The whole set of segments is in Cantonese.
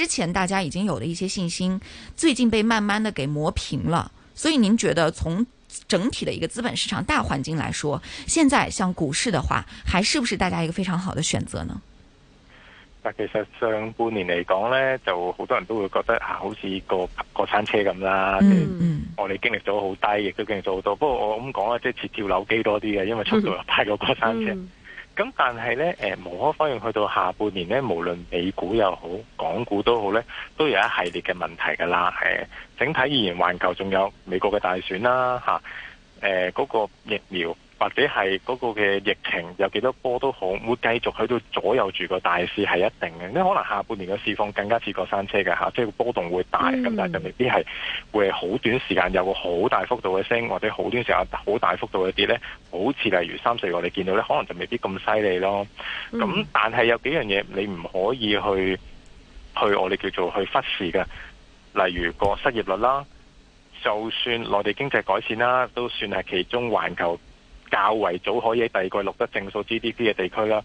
之前大家已經有了一些信心，最近被慢慢的給磨平了。所以您覺得從整體的一個資本市場大環境來說，現在像股市的話，還是不是大家一個非常好的選擇呢？其實上半年嚟講呢，就好多人都會覺得啊，好似個過山車咁啦。嗯，就是、我哋經歷咗好低，亦都經歷咗好多。不過我咁講啊，即係似跳樓機多啲嘅，因為速度太快過過山車。嗯咁但係咧，誒無可否認，去到下半年咧，無論美股又好，港股都好咧，都有一系列嘅問題㗎啦、呃。整體而言，環球仲有美國嘅大選啦，嗰、啊呃嗰個疫苗。或者係嗰個嘅疫情有幾多波都好，會繼續喺度左右住個大市係一定嘅。因為可能下半年嘅市況更加似過山車嘅嚇，即係波動會大咁、嗯，但係就未必係會係好短時間有個好大幅度嘅升，或者好短時間有個好大幅度嘅跌咧。好似例如三四個你見到咧，可能就未必咁犀利咯。咁、嗯、但係有幾樣嘢你唔可以去去我哋叫做去忽視嘅，例如個失業率啦，就算內地經濟改善啦，都算係其中環球。較為早可以喺第二季錄得正數 GDP 嘅地區啦，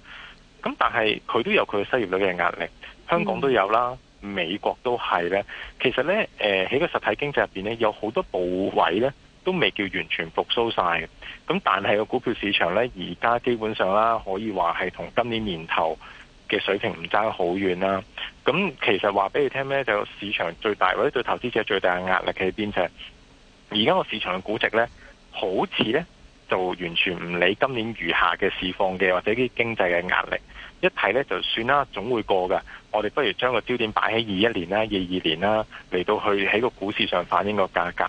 咁但係佢都有佢嘅失業率嘅壓力，香港都有啦、嗯，美國都係咧。其實咧，誒喺個實體經濟入邊咧，有好多部位咧都未叫完全復甦晒。咁但係個股票市場咧，而家基本上啦，可以話係同今年年頭嘅水平唔爭好遠啦。咁其實話俾你聽咧，就市場最大或者對投資者最大嘅壓力喺邊就係，而家個市場嘅估值咧，好似咧。就完全唔理今年餘下嘅市況嘅，或者啲經濟嘅壓力，一睇呢就算啦，總會過嘅。我哋不如將個焦點擺喺二一年啦、二二年啦，嚟到去喺個股市上反映個價格。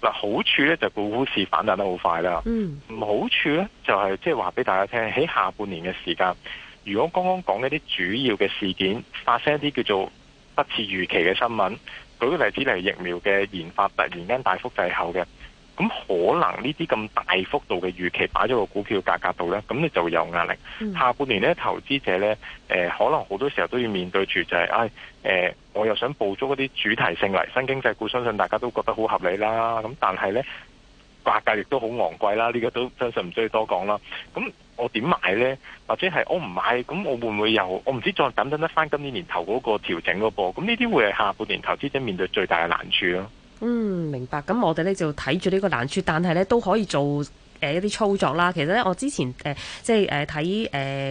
嗱，好處呢就股市反彈得好快啦。嗯，好處呢就係即係話俾大家聽，喺下半年嘅時間，如果剛剛講一啲主要嘅事件發生一啲叫做不似預期嘅新聞，舉個例子嚟疫苗嘅研發突然間大幅滯後嘅。咁可能呢啲咁大幅度嘅預期擺咗個股票價格度呢，咁你就會有壓力，嗯。下半年呢，投資者呢，誒、呃、可能好多時候都要面對住就係、是，唉、哎呃，我又想捕捉嗰啲主題性嚟新經濟股，相信大家都覺得好合理啦。咁但係呢，價格亦都好昂貴啦，呢、這個都相信唔需要多講啦。咁我點買呢？或者係我唔買，咁我會唔會又我唔知再等等得翻今年年頭嗰個調整個噃？咁呢啲會係下半年投資者面對最大嘅難處咯。嗯，明白。咁我哋咧就睇住呢個難處，但係咧都可以做誒一啲操作啦。其實咧，我之前誒、呃、即係誒睇誒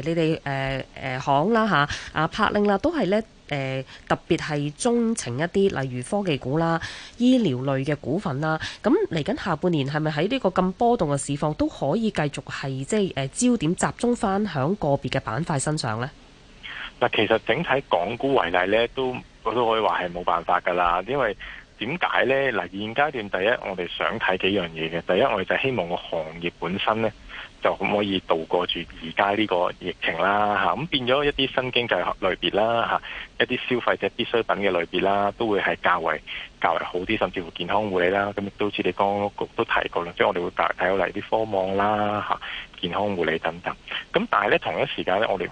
你哋誒誒行啦吓啊栢寧啦，都係咧誒特別係鍾情一啲，例如科技股啦、醫療類嘅股份啦。咁嚟緊下半年係咪喺呢個咁波動嘅市況都可以繼續係即係誒、呃、焦點集中翻喺個別嘅板塊身上咧？嗱，其實整體港股為例咧，都我都可以話係冇辦法噶啦，因為點解呢？嗱，現階段第一，我哋想睇幾樣嘢嘅。第一，我哋就希望個行業本身呢，就可唔可以度過住而家呢個疫情啦吓。咁變咗一啲新經濟類別啦吓，一啲消費者必需品嘅類別啦，都會係較為較為好啲，甚至乎健康護理啦。咁都好似你剛剛都提過啦，即係我哋會睇到嚟啲科網啦吓，健康護理等等。咁但係呢，同一時間呢，我哋，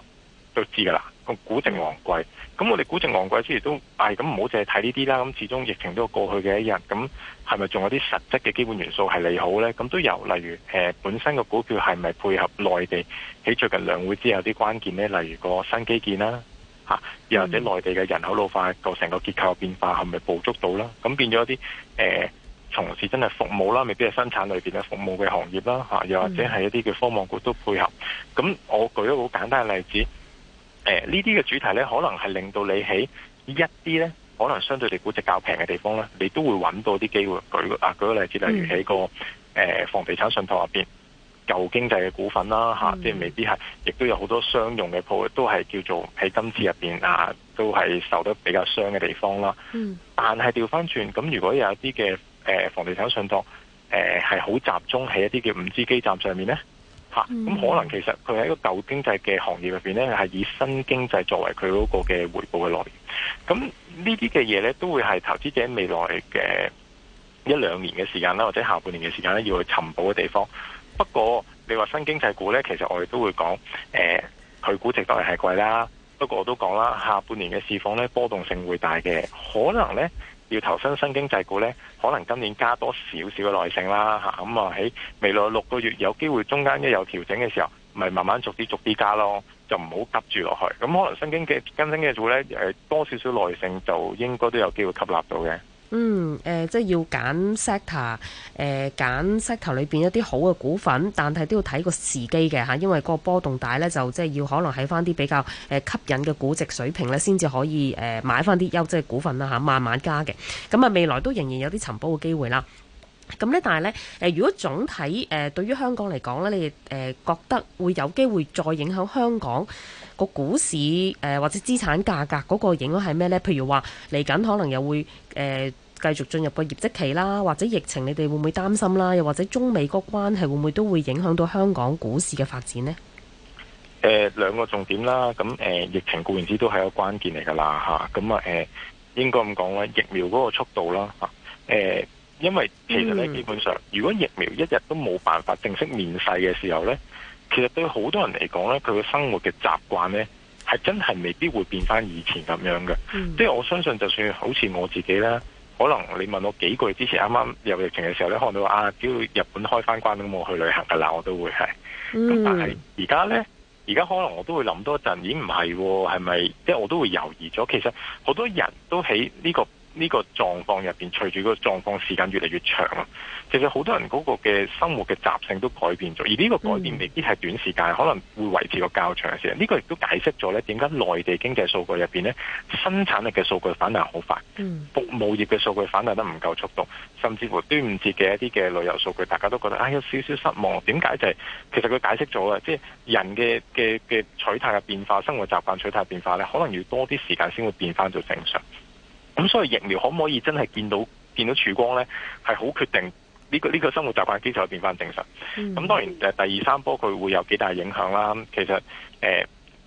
都知噶啦，個股值昂貴，咁我哋股值昂貴之餘都，唉、哎，咁唔好淨係睇呢啲啦，咁始終疫情都過去嘅一日，咁係咪仲有啲實質嘅基本元素係利好咧？咁都有例如誒、呃、本身個股票係咪配合內地喺最近兩會之後啲關鍵咧？例如個新基建啦、啊，又或者內地嘅人口老化個成個結構變化係咪捕捉到啦？咁變咗一啲誒、呃、從事真係服務啦，未必係生產裏面嘅服務嘅行業啦、啊，又或者係一啲叫科網股都配合。咁我舉一個好簡單嘅例子。誒、呃，呢啲嘅主題呢，可能係令到你喺一啲呢，可能相對地估值較平嘅地方咧，你都會揾到啲機會舉。舉個例子，例如喺、那個誒、呃、房地產信託入邊舊經濟嘅股份啦、吓、嗯啊，即係未必係，亦都有好多商用嘅鋪，都係叫做喺今次入邊啊，都係受得比較傷嘅地方啦。嗯、但係調翻轉，咁如果有啲嘅誒房地產信託係係好集中喺一啲叫五 G 基站上面呢。吓、嗯，咁、啊、可能其實佢喺一個舊經濟嘅行業入邊呢，咧，係以新經濟作為佢嗰個嘅回報嘅來源。咁呢啲嘅嘢咧，都會係投資者未來嘅一兩年嘅時間啦，或者下半年嘅時間咧，要去尋寶嘅地方。不過你話新經濟股咧，其實我哋都會講，佢、呃、估值當然係貴啦，不過我都講啦，下半年嘅市況咧，波動性會大嘅，可能咧。要投身新經濟股呢，可能今年加多少少嘅耐性啦，吓，咁、啊，喺未來六個月，有機會中間一有調整嘅時候，咪慢慢逐啲逐啲加咯，就唔好急住落去咁。可能新經濟更新嘅組呢，誒多少少耐性，就應該都有機會吸納到嘅。嗯，誒、呃，即係要揀 sector，誒、呃，揀 sector 裏邊一啲好嘅股份，但係都要睇個時機嘅嚇，因為嗰個波動大咧，就即係要可能喺翻啲比較誒吸引嘅估值水平咧，先至可以誒買翻啲優質股份啦嚇、啊，慢慢加嘅。咁、嗯、啊，未來都仍然有啲尋寶嘅機會啦。咁、嗯、咧，但係咧，誒、呃，如果總體誒、呃、對於香港嚟講咧，你誒、呃、覺得會有機會再影響香港？個股市誒、呃、或者資產價格嗰個影響係咩呢？譬如話嚟緊可能又會誒、呃、繼續進入個業績期啦，或者疫情你哋會唔會擔心啦？又或者中美嗰個關係會唔會都會影響到香港股市嘅發展呢？誒、呃、兩個重點啦，咁誒、呃、疫情固然之都係一個關鍵嚟㗎啦嚇，咁啊誒、啊啊啊、應該咁講咧，疫苗嗰個速度啦嚇誒、啊啊，因為其實咧、嗯、基本上，如果疫苗一日都冇辦法正式面世嘅時候呢，其實對好多人嚟講咧，佢嘅生活嘅習慣咧，係真係未必會變翻以前咁樣嘅。即、嗯、係我相信，就算好似我自己啦，可能你問我幾個月之前啱啱有疫情嘅時候咧，可能你話啊，叫日本開翻關，咁我去旅行噶啦，我都會係。咁、嗯、但係而家咧，而家可能我都會諗多一陣，已經唔係，係咪、啊？即係、就是、我都會猶豫咗。其實好多人都喺呢、這個。呢、這個狀況入邊，隨住個狀況時間越嚟越長啦。其實好多人嗰個嘅生活嘅習性都改變咗，而呢個改變未必係短時間，可能會維持個較長嘅時間。呢、這個亦都解釋咗咧點解內地經濟數據入邊咧生產力嘅數據反彈好快，嗯，服務業嘅數據反彈得唔夠速度，甚至乎端午節嘅一啲嘅旅遊數據，大家都覺得啊，哎、有少少失望。點解就係，是、其實佢解釋咗啦，即係人嘅嘅嘅取態嘅變化，生活習慣取態變化咧，可能要多啲時間先會變翻做正常。咁所以疫苗可唔可以真係見到見到曙光咧？係好決定呢個呢個生活習慣基礎變翻正常。咁、嗯、當然第二三波佢會有幾大影響啦。其實誒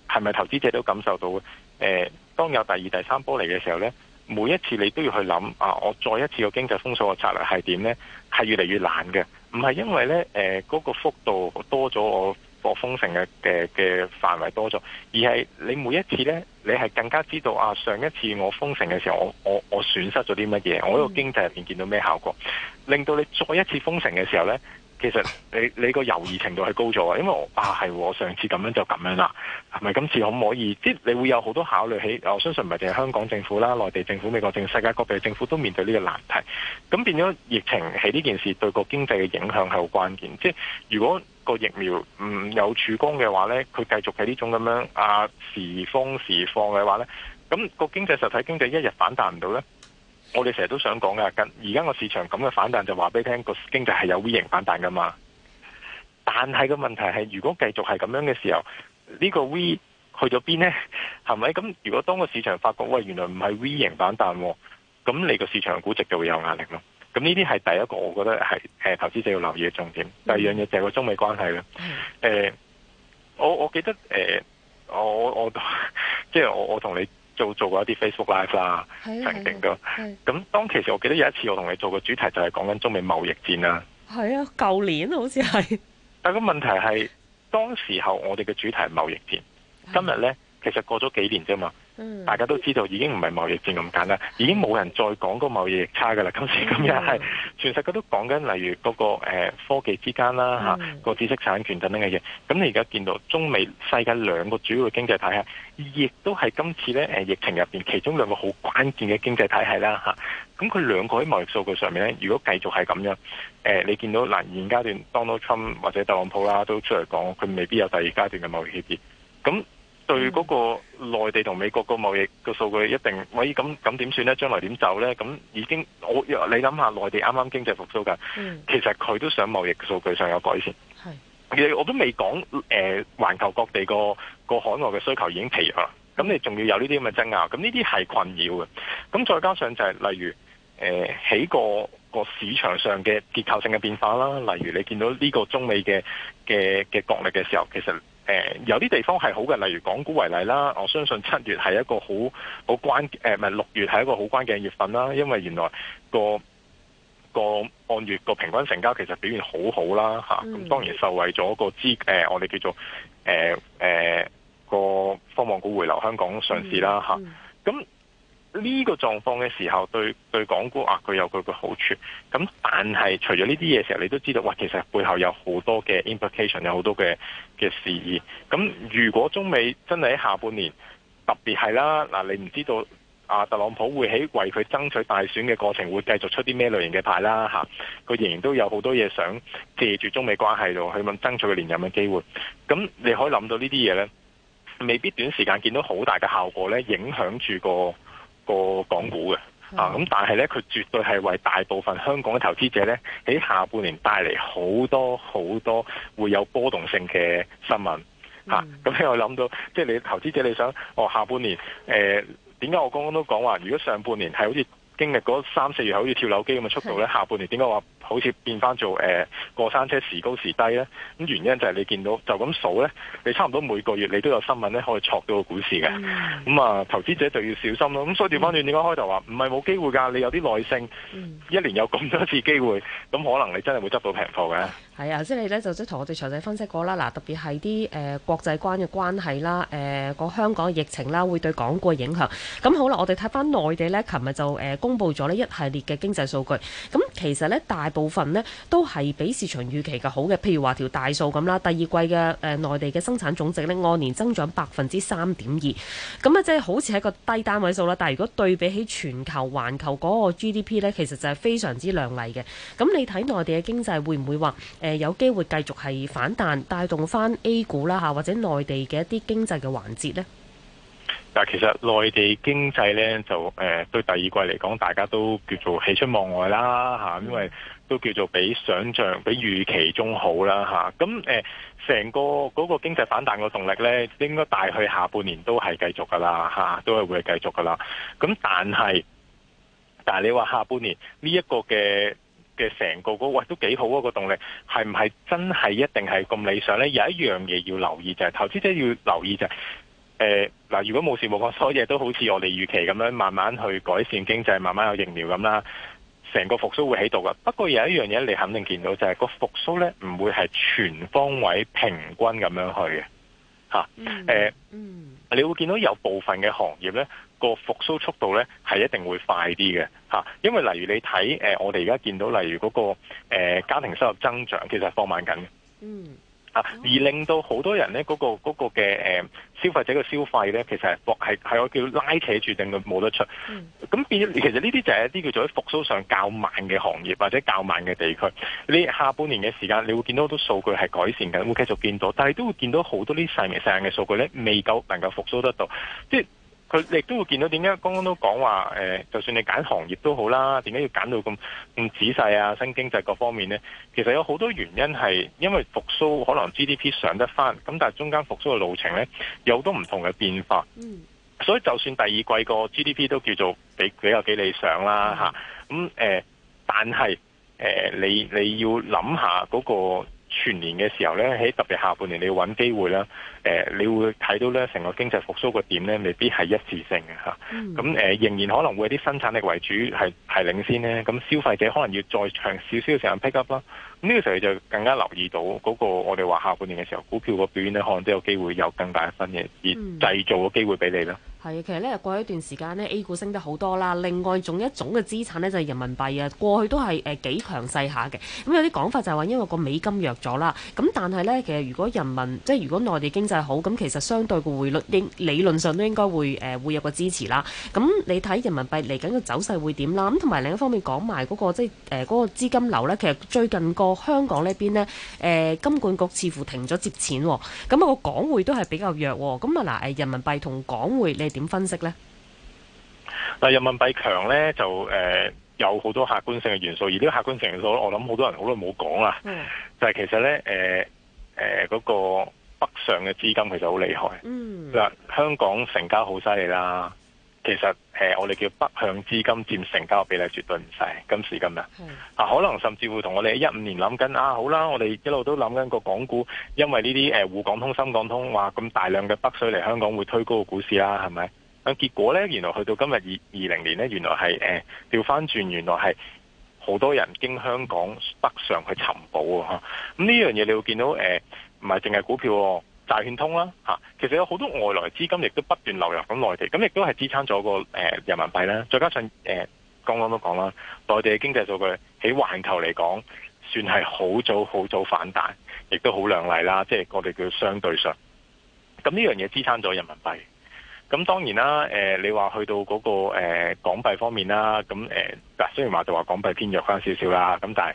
係咪投資者都感受到誒、呃、當有第二第三波嚟嘅時候咧，每一次你都要去諗啊，我再一次個經濟封鎖嘅策略係點咧？係越嚟越難嘅，唔係因為咧誒嗰個幅度多咗我。封城嘅嘅嘅範圍多咗，而係你每一次咧，你係更加知道啊！上一次我封城嘅時候，我我我損失咗啲乜嘢？我呢個經濟入邊見到咩效果？令到你再一次封城嘅時候咧。其實你你個猶豫程度係高咗，因為我啊係我上次咁樣就咁樣啦，係咪今次可唔可以？即係你會有好多考慮喺，我相信唔係淨係香港政府啦、內地政府、美國政府、世界各地政府都面對呢個難題。咁變咗疫情喺呢件事對個經濟嘅影響係好關鍵。即係如果個疫苗唔有曙光嘅話呢，佢繼續係呢種咁樣啊時封時放嘅話呢，咁個經濟實體經濟一日反彈唔到呢。我哋成日都想講噶，而家個市場咁嘅反彈就話俾你聽，個經濟係有 V 型反彈噶嘛。但係個問題係，如果繼續係咁樣嘅時候，呢個 V 去咗邊呢？係咪咁？如果當個市場發覺，喂，原來唔係 V 型反彈，咁你個市場估值就會有壓力咯。咁呢啲係第一個，我覺得係誒投資者要留意嘅重點。第二樣嘢就係個中美關係啦、呃。我我記得誒、呃，我我 即係我我同你，做做過一啲 Facebook Live 啦，曾經都咁。整整當其實我記得有一次我同你做個主題，就係講緊中美貿易戰啦。係啊，舊年好似係。但係個問題係，當時候我哋嘅主題係貿易戰，今日咧其實過咗幾年啫嘛。大家都知道，已經唔係貿易戰咁簡單，已經冇人再講個貿易逆差嘅啦。今時今日係全世界都講緊，例如嗰個科技之間啦，嚇、嗰個知識產權等等嘅嘢。咁你而家見到中美世界兩個主要嘅經濟體系，亦都係今次咧誒疫情入邊其中兩個好關鍵嘅經濟體系啦，嚇。咁佢兩個喺貿易數據上面咧，如果繼續係咁樣，誒你見到嗱現階段 Donald Trump 或者特朗普啦都出嚟講，佢未必有第二階段嘅貿易協議，咁。對嗰個內地同美國個貿易嘅數據一定，mm. 喂咁咁點算呢？將來點走呢？咁已經我你諗下，內地啱啱經濟復甦㗎，mm. 其實佢都想貿易數據上有改善。Mm. 其實我都未講誒，呃、環球各地個個海外嘅需求已經疲弱啦。咁你仲要有呢啲咁嘅爭拗，咁呢啲係困擾嘅。咁再加上就係、是、例如喺、呃、個，個市場上嘅結構性嘅變化啦，例如你見到呢個中美嘅嘅嘅國力嘅時候，其實誒、呃、有啲地方係好嘅，例如港股為例啦。我相信七月係一個好好關誒，唔、呃、係六月係一個好關鍵嘅月份啦。因為原來個個按月個平均成交其實表現好好啦，咁、啊、當然受惠咗個資誒、呃，我哋叫做誒、呃呃、個科網股回流香港上市啦，咁、啊、呢個狀況嘅時候，對,對港股啊，佢有佢嘅好處。咁、啊但係，除咗呢啲嘢，時候，你都知道，哇！其實背後有好多嘅 implication，有好多嘅嘅事宜。咁如果中美真係喺下半年，特別係啦，嗱，你唔知道啊，特朗普會喺為佢爭取大選嘅過程，會繼續出啲咩類型嘅牌啦，佢、啊、仍然都有好多嘢想借住中美關係度去問爭取佢連任嘅機會。咁你可以諗到呢啲嘢呢，未必短時間見到好大嘅效果呢，影響住個，個港股嘅。啊！咁但係咧，佢絕對係為大部分香港嘅投資者咧，喺下半年帶嚟好多好多會有波動性嘅新聞吓。咁、啊、咧，我、mm. 諗、啊、到即係你投資者，你想哦下半年誒點解我剛剛都講話，如果上半年係好似。經歷嗰三四月好似跳樓機咁嘅速度咧，下半年點解話好似變返做誒過山車時高時低咧？咁原因就係你見到就咁數咧，你差唔多每個月你都有新聞咧，可以挫到個股市嘅。咁、嗯、啊、嗯嗯，投資者就要小心咯。咁所以調返轉點解開頭話唔係冇機會㗎？你有啲耐性，一年有咁多次機會，咁可能你真係會執到平貨嘅。係啊，即係你咧就即同我哋詳細分析過啦。嗱，特別係啲誒國際關嘅關係啦，誒、呃、個香港嘅疫情啦，會對港股嘅影響。咁好啦，我哋睇翻內地咧，琴日就誒公布咗呢一系列嘅經濟數據。咁其實咧大部分呢都係比市場預期嘅好嘅，譬如話條大數咁啦，第二季嘅誒、呃、內地嘅生產總值咧按年增長百分之三點二。咁啊，即係好似係一個低單位數啦，但如果對比起全球、環球嗰個 GDP 咧，其實就係非常之亮麗嘅。咁你睇內地嘅經濟會唔會話？誒、呃、有機會繼續係反彈，帶動翻 A 股啦嚇，或者內地嘅一啲經濟嘅環節呢。嗱，其實內地經濟呢，就誒、呃、對第二季嚟講，大家都叫做喜出望外啦嚇，因為都叫做比想象、比預期中好啦嚇。咁、啊、誒，成、呃、個嗰個經濟反彈嘅動力呢，應該大去下半年都係繼續噶啦嚇、啊，都係會繼續噶啦。咁但係，但係你話下半年呢一、這個嘅？嘅成個股，喂、哎，都幾好啊！個動力係唔係真係一定係咁理想呢？有一樣嘢要留意就係、是、投資者要留意就係、是，誒、呃、嗱，如果冇事冇講，所有嘢都好似我哋預期咁樣，慢慢去改善經濟，慢慢有疫苗咁啦，成個復甦會喺度噶。不過有一樣嘢你肯定見到就係、是、個復甦呢唔會係全方位平均咁樣去嘅，嚇、啊。誒、呃嗯嗯，你會見到有部分嘅行業呢。那個復甦速度咧，係一定會快啲嘅吓，因為例如你睇誒、呃，我哋而家見到例如嗰、那個誒、呃、家庭收入增長，其實係放慢緊嘅，嗯啊，而令到好多人咧嗰、那個、那個嘅誒消費者嘅消費咧，其實係係係我叫拉扯住，定佢冇得出，咁、嗯、變，其實呢啲就係一啲叫做喺復甦上較慢嘅行業或者較慢嘅地區，你下半年嘅時間你會見到好多數據係改善緊，會繼續見到，但係都會見到好多啲細微細嘅數據咧未夠能夠復甦得到，即係。佢亦都會見到點解？剛剛都講話誒，就算你揀行業都好啦，點解要揀到咁咁仔細啊？新經濟各方面呢，其實有好多原因係因為復甦可能 GDP 上得翻，咁但係中間復甦嘅路程呢，有好多唔同嘅變化。嗯，所以就算第二季個 GDP 都叫做比比較幾理想啦嚇。咁、啊、誒、嗯欸，但係誒、欸、你你要諗下嗰個。全年嘅時候咧，喺特別下半年你要揾機會啦。呃、你會睇到咧，成個經濟復甦個點咧，未必係一次性嘅吓。咁仍然可能會有啲生產力為主，係係領先咧。咁消費者可能要再長少少時間 pick up 啦。咁呢個時候你就更加留意到嗰個我哋話下半年嘅時候，股票個表現咧，可能都有機會有更大嘅分野而製造個機會俾你啦。嗯嗯係啊，其實咧過去一段時間呢 A 股升得好多啦。另外仲一種嘅資產呢，就係人民幣啊，過去都係誒幾強勢下嘅。咁有啲講法就係話，因為個美金弱咗啦。咁但係呢，其實如果人民即係如果內地經濟好，咁其實相對個匯率應理論上都應該會誒會有個支持啦。咁你睇人民幣嚟緊嘅走勢會點啦？咁同埋另一方面講埋嗰個即係誒嗰個資金流呢，其實最近個香港呢邊呢，誒金管局似乎停咗接錢喎。咁個港匯都係比較弱喎。咁啊嗱誒人民幣同港匯點分析呢？嗱，人民幣強呢，就誒、呃、有好多客觀性嘅元素，而呢個客觀性嘅元素，我諗好多人好耐冇講啦。Mm. 就係其實呢，誒誒嗰個北上嘅資金其實好厲害。嗱、mm.，香港成交好犀利啦。其實誒、呃，我哋叫北向資金佔成交比例絕對唔細。今時今日、嗯、啊，可能甚至乎同我哋一五年諗緊啊，好啦，我哋一路都諗緊個港股，因為呢啲誒滬港通、深港通，嘩咁大量嘅北水嚟香港會推高個股市啦，係咪？咁、啊、結果呢，原來去到今日二二零年呢，原來係誒調返轉，原來係好多人經香港北上去尋寶啊！咁、啊、呢樣嘢你會見到誒，唔係淨係股票喎、哦。債券通啦嚇，其實有好多外來資金亦都不斷流入咁內地，咁亦都係支撐咗個誒人民幣啦。再加上誒剛剛都講啦，內地嘅經濟數據喺環球嚟講，算係好早好早反彈，亦都好亮麗啦。即係我哋叫相對上，咁呢樣嘢支撐咗人民幣。咁當然啦，誒你話去到嗰個誒港幣方面啦，咁誒嗱雖然話就話港幣偏弱翻少少啦，咁但係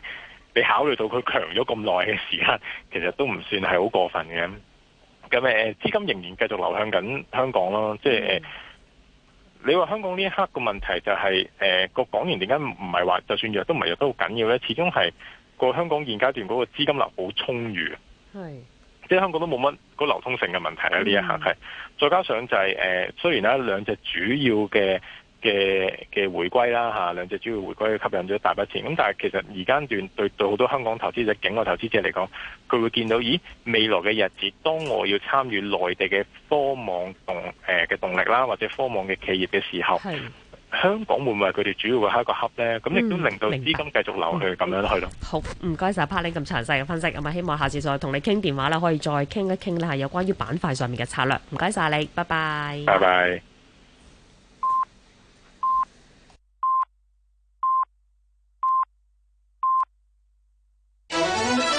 你考慮到佢強咗咁耐嘅時間，其實都唔算係好過分嘅。咁誒資金仍然繼續流向緊香港咯，即係誒你話香港呢一刻個問題就係誒個港元點解唔係話就算弱都唔係弱都好緊要咧？始終係個香港現階段嗰個資金流好充裕，即係香港都冇乜嗰流通性嘅問題咧呢一刻，係再加上就係誒雖然咧兩隻主要嘅。嘅嘅回歸啦嚇，兩隻主要回歸吸引咗大筆錢。咁但係其實而間段對對好多香港投資者、境外投資者嚟講，佢會見到，咦？未來嘅日子，當我要參與內地嘅科網動誒嘅動力啦，或者科網嘅企業嘅時候，香港會唔會佢哋主要係一個閘呢？咁、嗯、亦都令到資金繼續流去咁、嗯、樣去咯。好，唔該晒，Patrick 咁詳細嘅分析，咁啊，希望下次再同你傾電話啦，可以再傾一傾啦，係有關於板塊上面嘅策略。唔該晒，你，拜拜。拜拜。